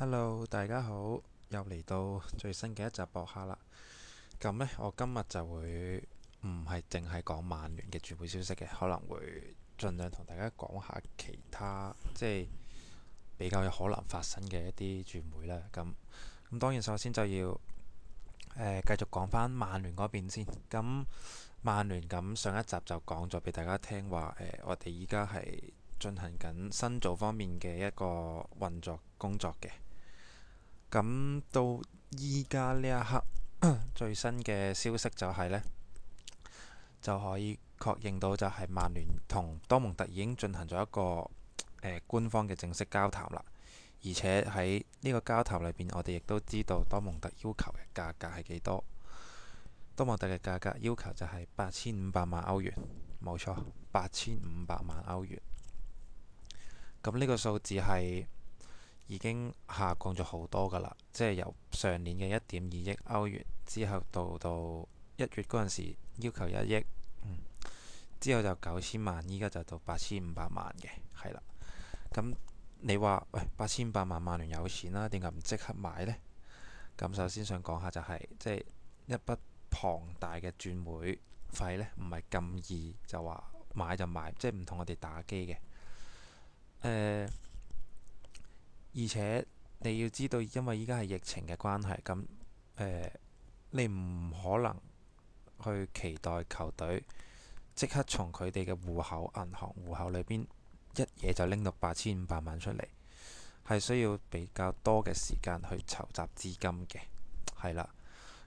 Hello，大家好，又嚟到最新嘅一集博客啦。咁呢，我今日就會唔係淨係講曼聯嘅轉會消息嘅，可能會盡量同大家講下其他即係比較有可能發生嘅一啲轉會啦。咁咁，當然首先就要誒繼續講翻曼聯嗰邊先。咁曼聯咁上一集就講咗俾大家聽，話、呃、我哋依家係進行緊新組方面嘅一個運作工作嘅。咁到依家呢一刻最新嘅消息就係、是、呢，就可以確認到就係曼聯同多蒙特已經進行咗一個、呃、官方嘅正式交談啦。而且喺呢個交談裏邊，我哋亦都知道多蒙特要求嘅價格係幾多。多蒙特嘅價格要求就係八千五百萬歐元，冇錯，八千五百萬歐元。咁呢個數字係，已經下降咗好多噶啦，即係由上年嘅一點二億歐元之後到到一月嗰陣時要求一億、嗯，之後就九千萬，依家就到八千五百萬嘅，係啦。咁你話喂，八千五百萬，曼聯有錢啦，點解唔即刻買呢？咁首先想講下就係，即係一筆龐大嘅轉會費呢，唔係咁易就話買就買，即係唔同我哋打機嘅，誒、呃。而且你要知道，因為依家係疫情嘅關係，咁誒、呃、你唔可能去期待球隊即刻從佢哋嘅戶口銀行戶口裏邊一嘢就拎到八千五百萬出嚟，係需要比較多嘅時間去籌集資金嘅，係啦。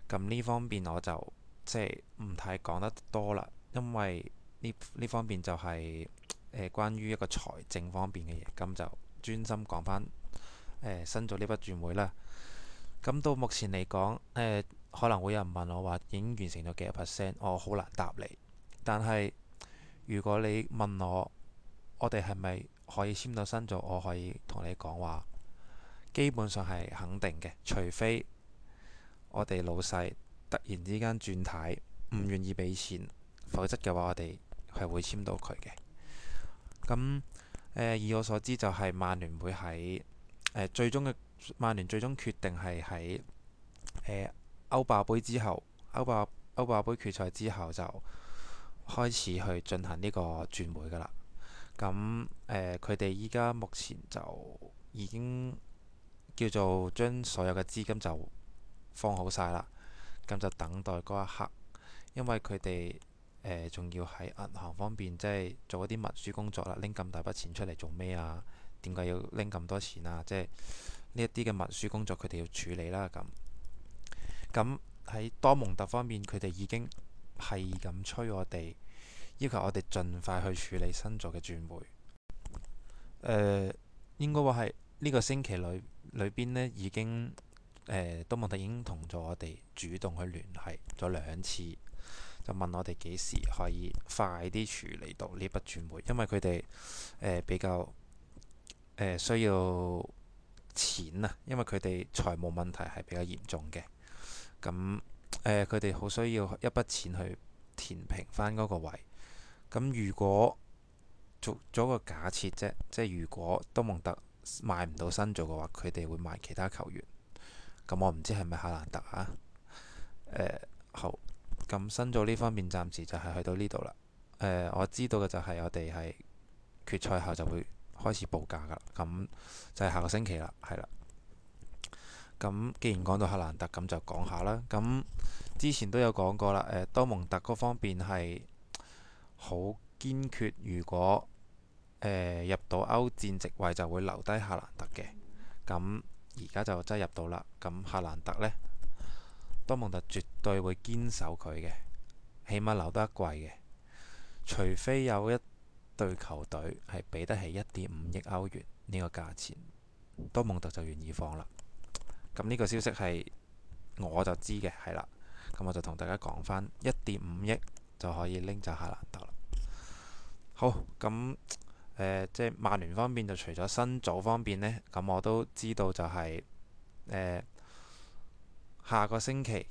咁呢方面我就即係唔太講得多啦，因為呢呢方面就係、是、誒、呃、關於一個財政方面嘅嘢，咁就專心講翻。誒新組呢筆轉會啦，咁到目前嚟講，誒可能會有人問我話已經完成咗幾多 percent，我好難答你。但係如果你問我，我哋係咪可以簽到新組，我可以同你講話，基本上係肯定嘅，除非我哋老細突然之間轉軚唔願意俾錢，否則嘅話我哋係會簽到佢嘅。咁誒、呃，以我所知就係曼聯會喺。最終嘅曼聯最終決定係喺誒歐霸杯之後，歐霸，歐霸杯決賽之後就開始去進行呢個轉會噶啦。咁佢哋依家目前就已經叫做將所有嘅資金就放好晒啦。咁就等待嗰一刻，因為佢哋仲要喺銀行方面即係做一啲文書工作啦，拎咁大筆錢出嚟做咩啊？點解要拎咁多錢啊？即係呢一啲嘅文書工作，佢哋要處理啦。咁咁喺多蒙特方面，佢哋已經係咁催我哋，要求我哋盡快去處理新作嘅轉會。誒、呃，應該話係呢個星期裏裏邊呢，已經誒、呃、多蒙特已經同咗我哋主動去聯繫咗兩次，就問我哋幾時可以快啲處理到呢筆轉會，因為佢哋誒比較，需要錢啊，因為佢哋財務問題係比較嚴重嘅。咁佢哋好需要一筆錢去填平返嗰個位。咁如果做咗個假設啫，即係如果多蒙特賣唔到新組嘅話，佢哋會賣其他球員。咁我唔知係咪哈蘭德啊？誒、呃、好，咁新組呢方面暫時就係去到呢度啦。我知道嘅就係我哋係決賽後就會開始報價㗎啦，咁就係下個星期啦，係啦。咁既然講到夏蘭特，咁就講下啦。咁之前都有講過啦，誒、呃、多蒙特嗰方面係好堅決，如果、呃、入到歐戰席位，就會留低夏蘭特嘅。咁而家就真係入到啦。咁夏蘭特呢，多蒙特絕對會堅守佢嘅，起碼留得一季嘅，除非有一，對球隊係俾得起一點五億歐元呢個價錢，多蒙特就願意放啦。咁呢個消息係我就知嘅，係啦。咁我就同大家講翻，一點五億就可以拎走下蘭特啦。好，咁、呃、即係曼聯方面就除咗新組方面呢，咁我都知道就係、是呃、下個星期、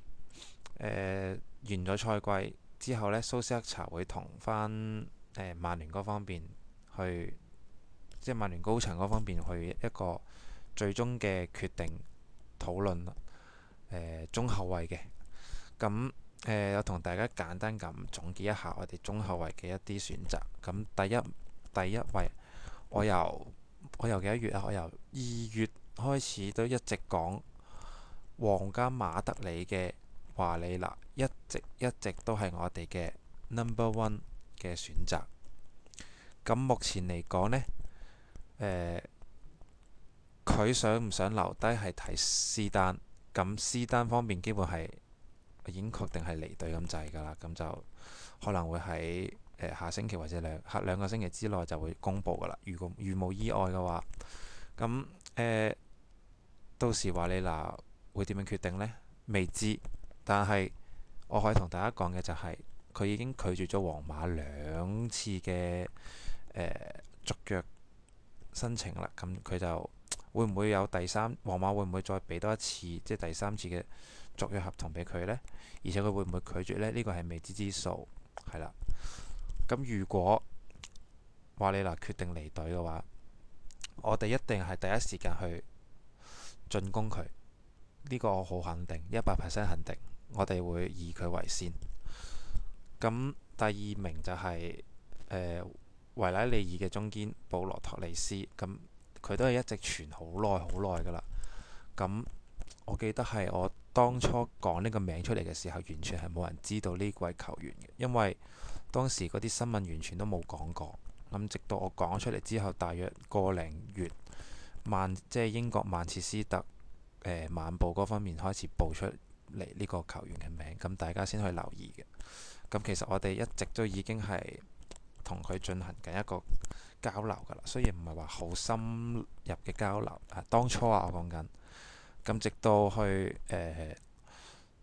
呃、完咗賽季之後呢，蘇斯克查會同翻。誒，曼聯嗰方面去，即係曼聯高層嗰方面去一個最終嘅決定討論誒、呃、中後衞嘅。咁誒、呃，我同大家簡單咁總結一下我哋中後衞嘅一啲選擇。咁第一第一位，我由我由幾多月啊？我由二月開始都一直講皇家馬德里嘅華里納，一直一直都係我哋嘅 number one。嘅選擇。咁目前嚟講呢，誒、呃、佢想唔想留低係睇私單。咁私單方面，基本係已經確定係離隊咁滯㗎啦。咁就可能會喺、呃、下星期或者兩下兩個星期之內就會公布㗎啦。如果如無意外嘅話，咁誒、呃、到時話你嗱會點樣決定呢？未知，但係我可以同大家講嘅就係、是。佢已經拒絕咗皇馬兩次嘅誒、呃、續約申請啦。咁佢就會唔會有第三皇馬會唔會再俾多一次，即係第三次嘅續約合同俾佢呢？而且佢會唔會拒絕呢？呢、呢個係未知之數，係啦。咁如果瓦里娜決定離隊嘅話，我哋一定係第一時間去進攻佢。呢、呢個我好肯定，一百 percent 肯定，我哋會以佢為先。咁第二名就係誒維拉利爾嘅中堅保羅托利斯，咁佢都係一直傳好耐、好耐㗎啦。咁我記得係我當初講呢個名出嚟嘅時候，完全係冇人知道呢位球員嘅，因為當時嗰啲新聞完全都冇講過。咁直到我講出嚟之後，大約個零月，曼即係英國曼切斯特晚報嗰方面開始報出嚟呢個球員嘅名，咁大家先去留意嘅。咁其實我哋一直都已經係同佢進行緊一個交流㗎啦。雖然唔係話好深入嘅交流，係當初啊，我講緊咁，直到去誒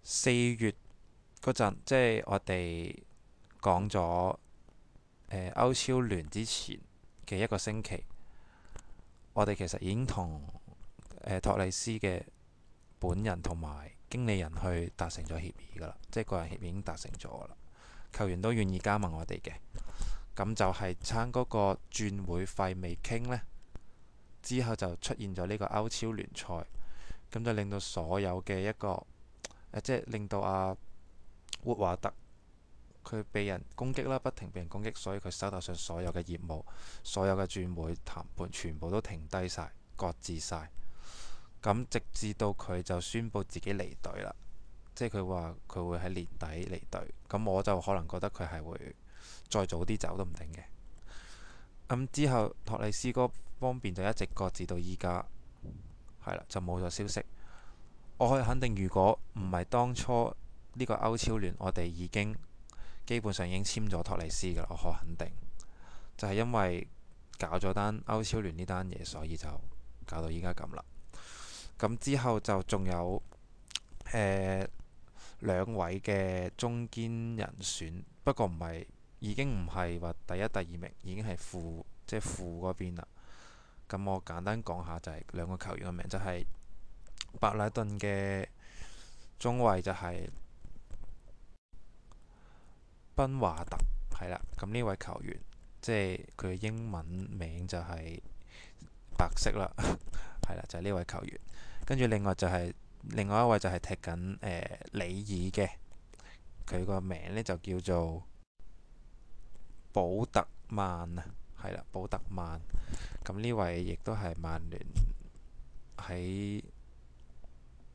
四、呃、月嗰陣，即係我哋講咗誒歐超聯之前嘅一個星期，我哋其實已經同誒、呃、托利斯嘅本人同埋經理人去達成咗協議㗎啦，即係個人協議已經達成咗㗎啦。球員都願意加盟我哋嘅，咁就係撐嗰個轉會費未傾呢。之後就出現咗呢個歐超聯賽，咁就令到所有嘅一個，即係令到阿、啊、活華特佢被人攻擊啦，不停被人攻擊，所以佢手頭上所有嘅業務、所有嘅轉會談判全部都停低晒、擱置晒。咁直至到佢就宣佈自己離隊啦。即係佢話佢會喺年底離隊，咁我就可能覺得佢係會再早啲走都唔定嘅。咁、嗯、之後托利斯哥方便就一直擱置到依家，係啦，就冇咗消息。我可以肯定，如果唔係當初呢個歐超聯，我哋已經基本上已經簽咗托利斯嘅啦，我可肯定。就係、是、因為搞咗單歐超聯呢單嘢，所以就搞到依家咁啦。咁、嗯、之後就仲有誒。呃兩位嘅中堅人選，不過唔係，已經唔係話第一、第二名，已經係副，即係副嗰邊啦。咁我簡單講下，就係兩個球員嘅名，就係白禮頓嘅中衛就係賓華特，係啦。咁呢位球員，即係佢嘅英文名就係白色啦，係啦，就係呢位球員。跟住另外就係。另外一位就係踢緊誒、呃、里爾嘅，佢個名咧就叫做保特曼啊，係啦，保特曼。咁、嗯、呢位亦都係曼聯喺誒、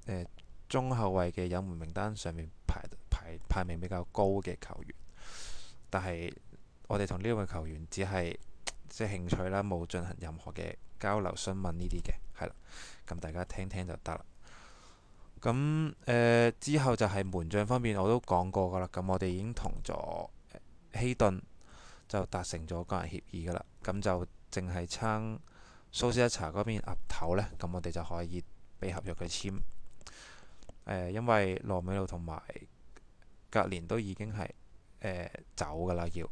呃、中後衛嘅有門名單上面排排排名比較高嘅球員，但係我哋同呢位球員只係即係興趣啦，冇進行任何嘅交流詢問呢啲嘅，係啦，咁、嗯、大家聽聽就得啦。咁誒、呃、之後就係門將方面我，我都講過㗎啦。咁我哋已經同咗希頓就達成咗個人協議㗎啦。咁就淨係撐蘇斯一茶嗰邊岌頭咧，咁我哋就可以俾合約佢簽、呃、因為羅美露同埋格連都已經係、呃、走㗎啦，要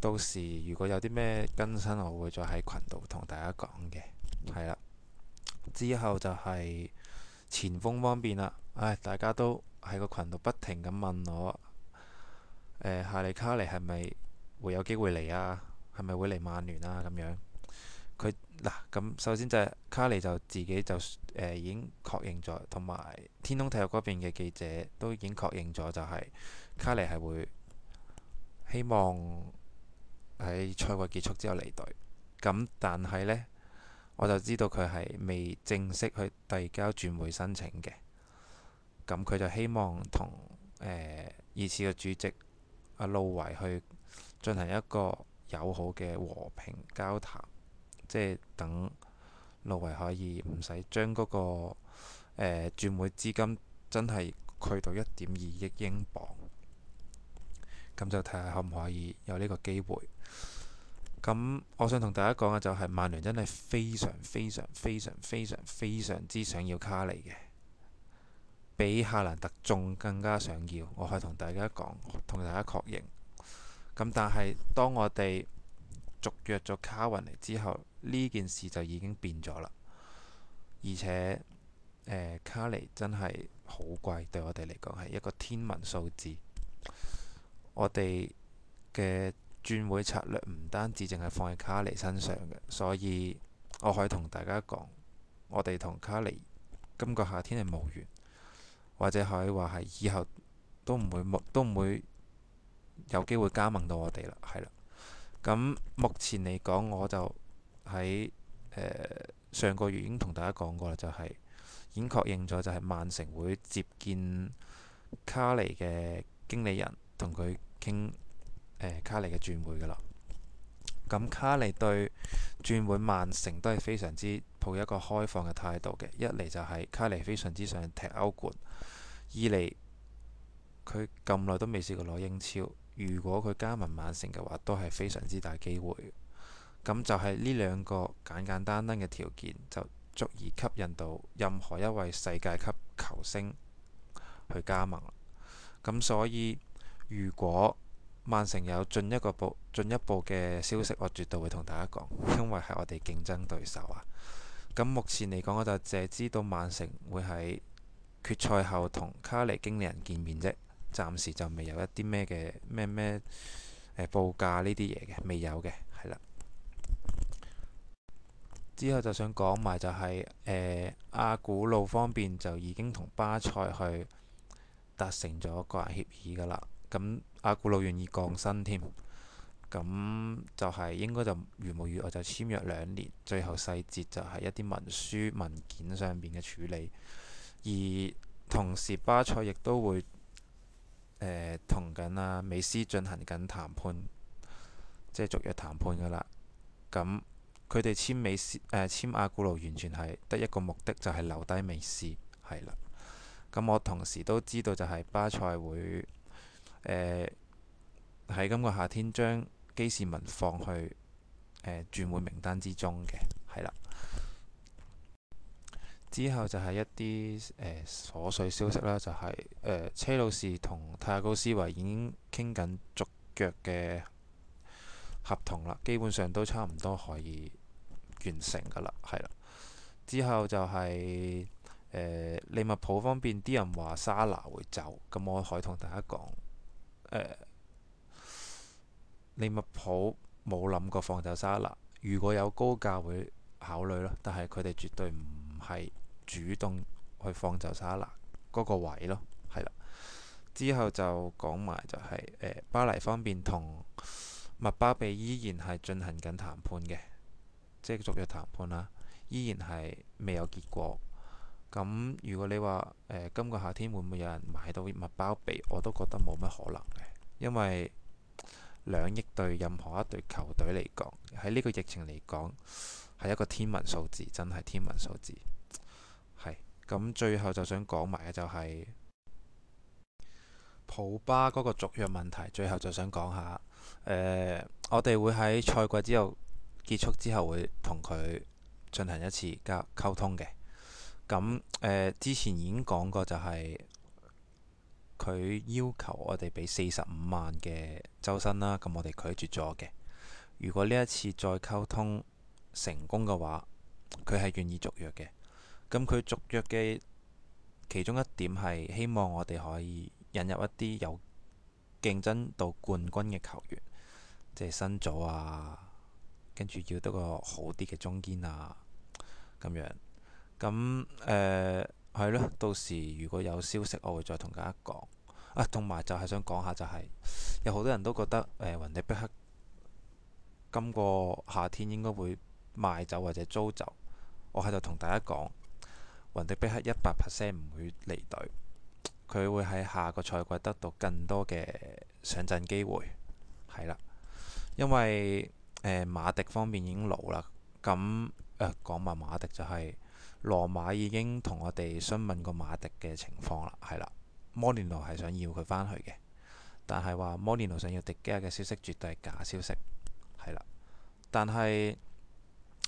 到時如果有啲咩更新，我會再喺群度同大家講嘅。係啦，之後就係、是。前鋒方面啦，唉，大家都喺個群度不停咁問我，誒、呃，夏利卡尼係咪會有機會嚟啊？係咪會嚟曼聯啊？咁樣，佢嗱咁，首先就係卡尼就自己就誒、呃、已經確認咗，同埋天空體育嗰邊嘅記者都已經確認咗，就係卡尼係會希望喺賽季結束之後離隊，咁但係呢。我就知道佢係未正式去遞交轉會申請嘅，咁佢就希望同誒、呃、二次嘅主席阿、啊、路維去進行一個友好嘅和平交談，即係等路維可以唔使將嗰個轉會資金真係去到一點二億英鎊，咁就睇下可唔可以有呢個機會。咁我想同大家講嘅就係、是，曼聯真係非常非常非常非常非常之想要卡利嘅，比夏蘭特仲更加想要。我可以同大家講，同大家確認。咁但係當我哋續約咗卡雲尼之後，呢件事就已經變咗啦。而且、呃、卡尼真係好貴，對我哋嚟講係一個天文數字。我哋嘅轉會策略唔單止淨係放喺卡尼身上嘅，所以我可以同大家講，我哋同卡尼今個夏天係無緣，或者可以話係以後都唔會冇，都唔會有機會加盟到我哋啦。係啦，咁目前嚟講，我就喺、呃、上個月已經同大家講過啦，就係、是、已經確認咗，就係曼城會接見卡尼嘅經理人，同佢傾。誒、欸，卡利嘅轉會㗎喇，咁卡利對轉會曼城都係非常之抱一個開放嘅態度嘅。一嚟就係卡利非常之想踢歐冠，二嚟佢咁耐都未試過攞英超。如果佢加盟曼城嘅話，都係非常之大機會。咁就係呢兩個簡簡單單嘅條件，就足以吸引到任何一位世界級球星去加盟。咁所以如果曼城有進一個步步進一步嘅消息，我絕對會同大家講，因為係我哋競爭對手啊。咁目前嚟講，我就淨係知道曼城會喺決賽後同卡尼經理人見面啫，暫時就未有一啲咩嘅咩咩誒報價呢啲嘢嘅，未有嘅，係啦。之後就想講埋就係誒阿古路方面，就已經同巴塞去達成咗個人協議噶啦，咁。阿古路願意降薪添，咁就係應該就如無意外就簽約兩年，最後細節就係一啲文書文件上面嘅處理。而同時，巴塞亦都會誒、呃、同緊阿美斯進行緊談判，即係續約談判㗎喇。咁佢哋簽美斯誒、呃、簽阿古路，完全係得一個目的，就係留低美斯係啦。咁我同時都知道，就係巴塞會。誒喺、呃、今個夏天將基士文放去誒轉會名單之中嘅係啦。之後就係一啲誒瑣碎消息啦，就係、是、誒、呃、車路士同泰阿高斯維已經傾緊續腳嘅合同啦，基本上都差唔多可以完成㗎啦，係啦。之後就係、是、誒、呃、利物浦方面啲人話沙拿會走，咁我可以同大家講。誒，uh, 利物浦冇諗過放走沙拿，如果有高價會考慮咯，但係佢哋絕對唔係主動去放走沙拿嗰個位咯，係啦。之後就講埋就係、是、誒、呃、巴黎方面同麥巴比依然係進行緊談判嘅，即係續約談判啦，依然係未有結果。咁如果你話、呃、今個夏天會唔會有人買到姆巴佩，我都覺得冇乜可能嘅，因為兩億對任何一隊球隊嚟講，喺呢個疫情嚟講係一個天文數字，真係天文數字。係，咁、嗯、最後就想講埋嘅就係普巴嗰個續約問題，最後就想講下，呃、我哋會喺賽季之後結束之後會同佢進行一次交溝通嘅。咁誒、呃，之前已經講過，就係佢要求我哋俾四十五萬嘅周薪啦。咁我哋拒絕咗嘅。如果呢一次再溝通成功嘅話，佢係願意續約嘅。咁佢續約嘅其中一點係希望我哋可以引入一啲有競爭到冠軍嘅球員，即係新組啊，跟住要多個好啲嘅中堅啊，咁樣。咁誒係咯，到時如果有消息，我會再同大家講啊。同埋就係想講下、就是，就係有好多人都覺得誒、呃、雲迪碧克今個夏天應該會賣走或者租走。我喺度同大家講，雲迪碧克一百 percent 唔會離隊，佢會喺下個賽季得到更多嘅上陣機會係啦。因為誒、呃、馬迪方面已經老啦，咁誒講埋馬迪就係、是。羅馬已經同我哋詢問過馬迪嘅情況啦，係啦，摩連奴係想要佢返去嘅，但係話摩連奴想要迪基亞嘅消息絕對係假消息，係啦，但係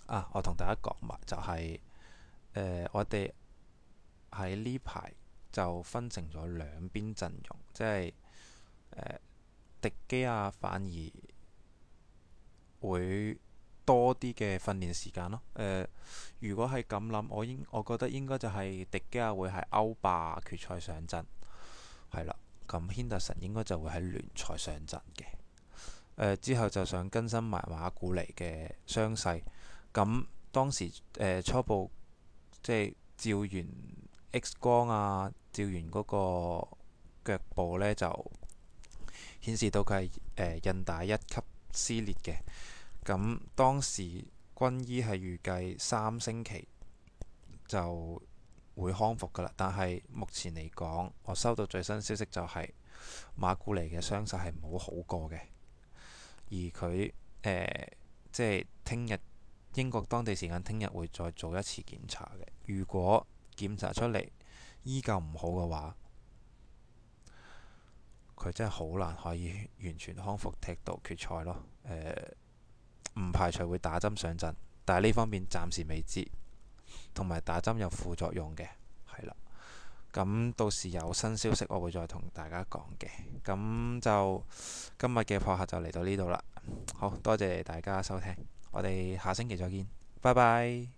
啊，我同大家講埋就係、是，誒、呃，我哋喺呢排就分成咗兩邊陣容，即係誒、呃，迪基亞反而會。多啲嘅訓練時間咯。誒、呃，如果係咁諗，我應我覺得應該就係迪基亞會係歐霸決賽上陣，係啦。咁軒達臣應該就會喺聯賽上陣嘅、呃。之後就想更新埋馬古尼嘅傷勢。咁當時誒、呃、初步即係照完 X 光啊，照完嗰個腳部呢，就顯示到佢係誒韌帶一級撕裂嘅。咁當時軍醫係預計三星期就會康復㗎喇，但係目前嚟講，我收到最新消息就係、是、馬古尼嘅傷勢係冇好過嘅，而佢、呃、即係聽日英國當地時間聽日會再做一次檢查嘅。如果檢查出嚟依舊唔好嘅話，佢真係好難可以完全康復踢到決賽咯，呃唔排除會打針上陣，但係呢方面暫時未知，同埋打針有副作用嘅，係啦。咁到時有新消息，我會再同大家講嘅。咁就今日嘅播客就嚟到呢度啦，好多謝大家收聽，我哋下星期再見，拜拜。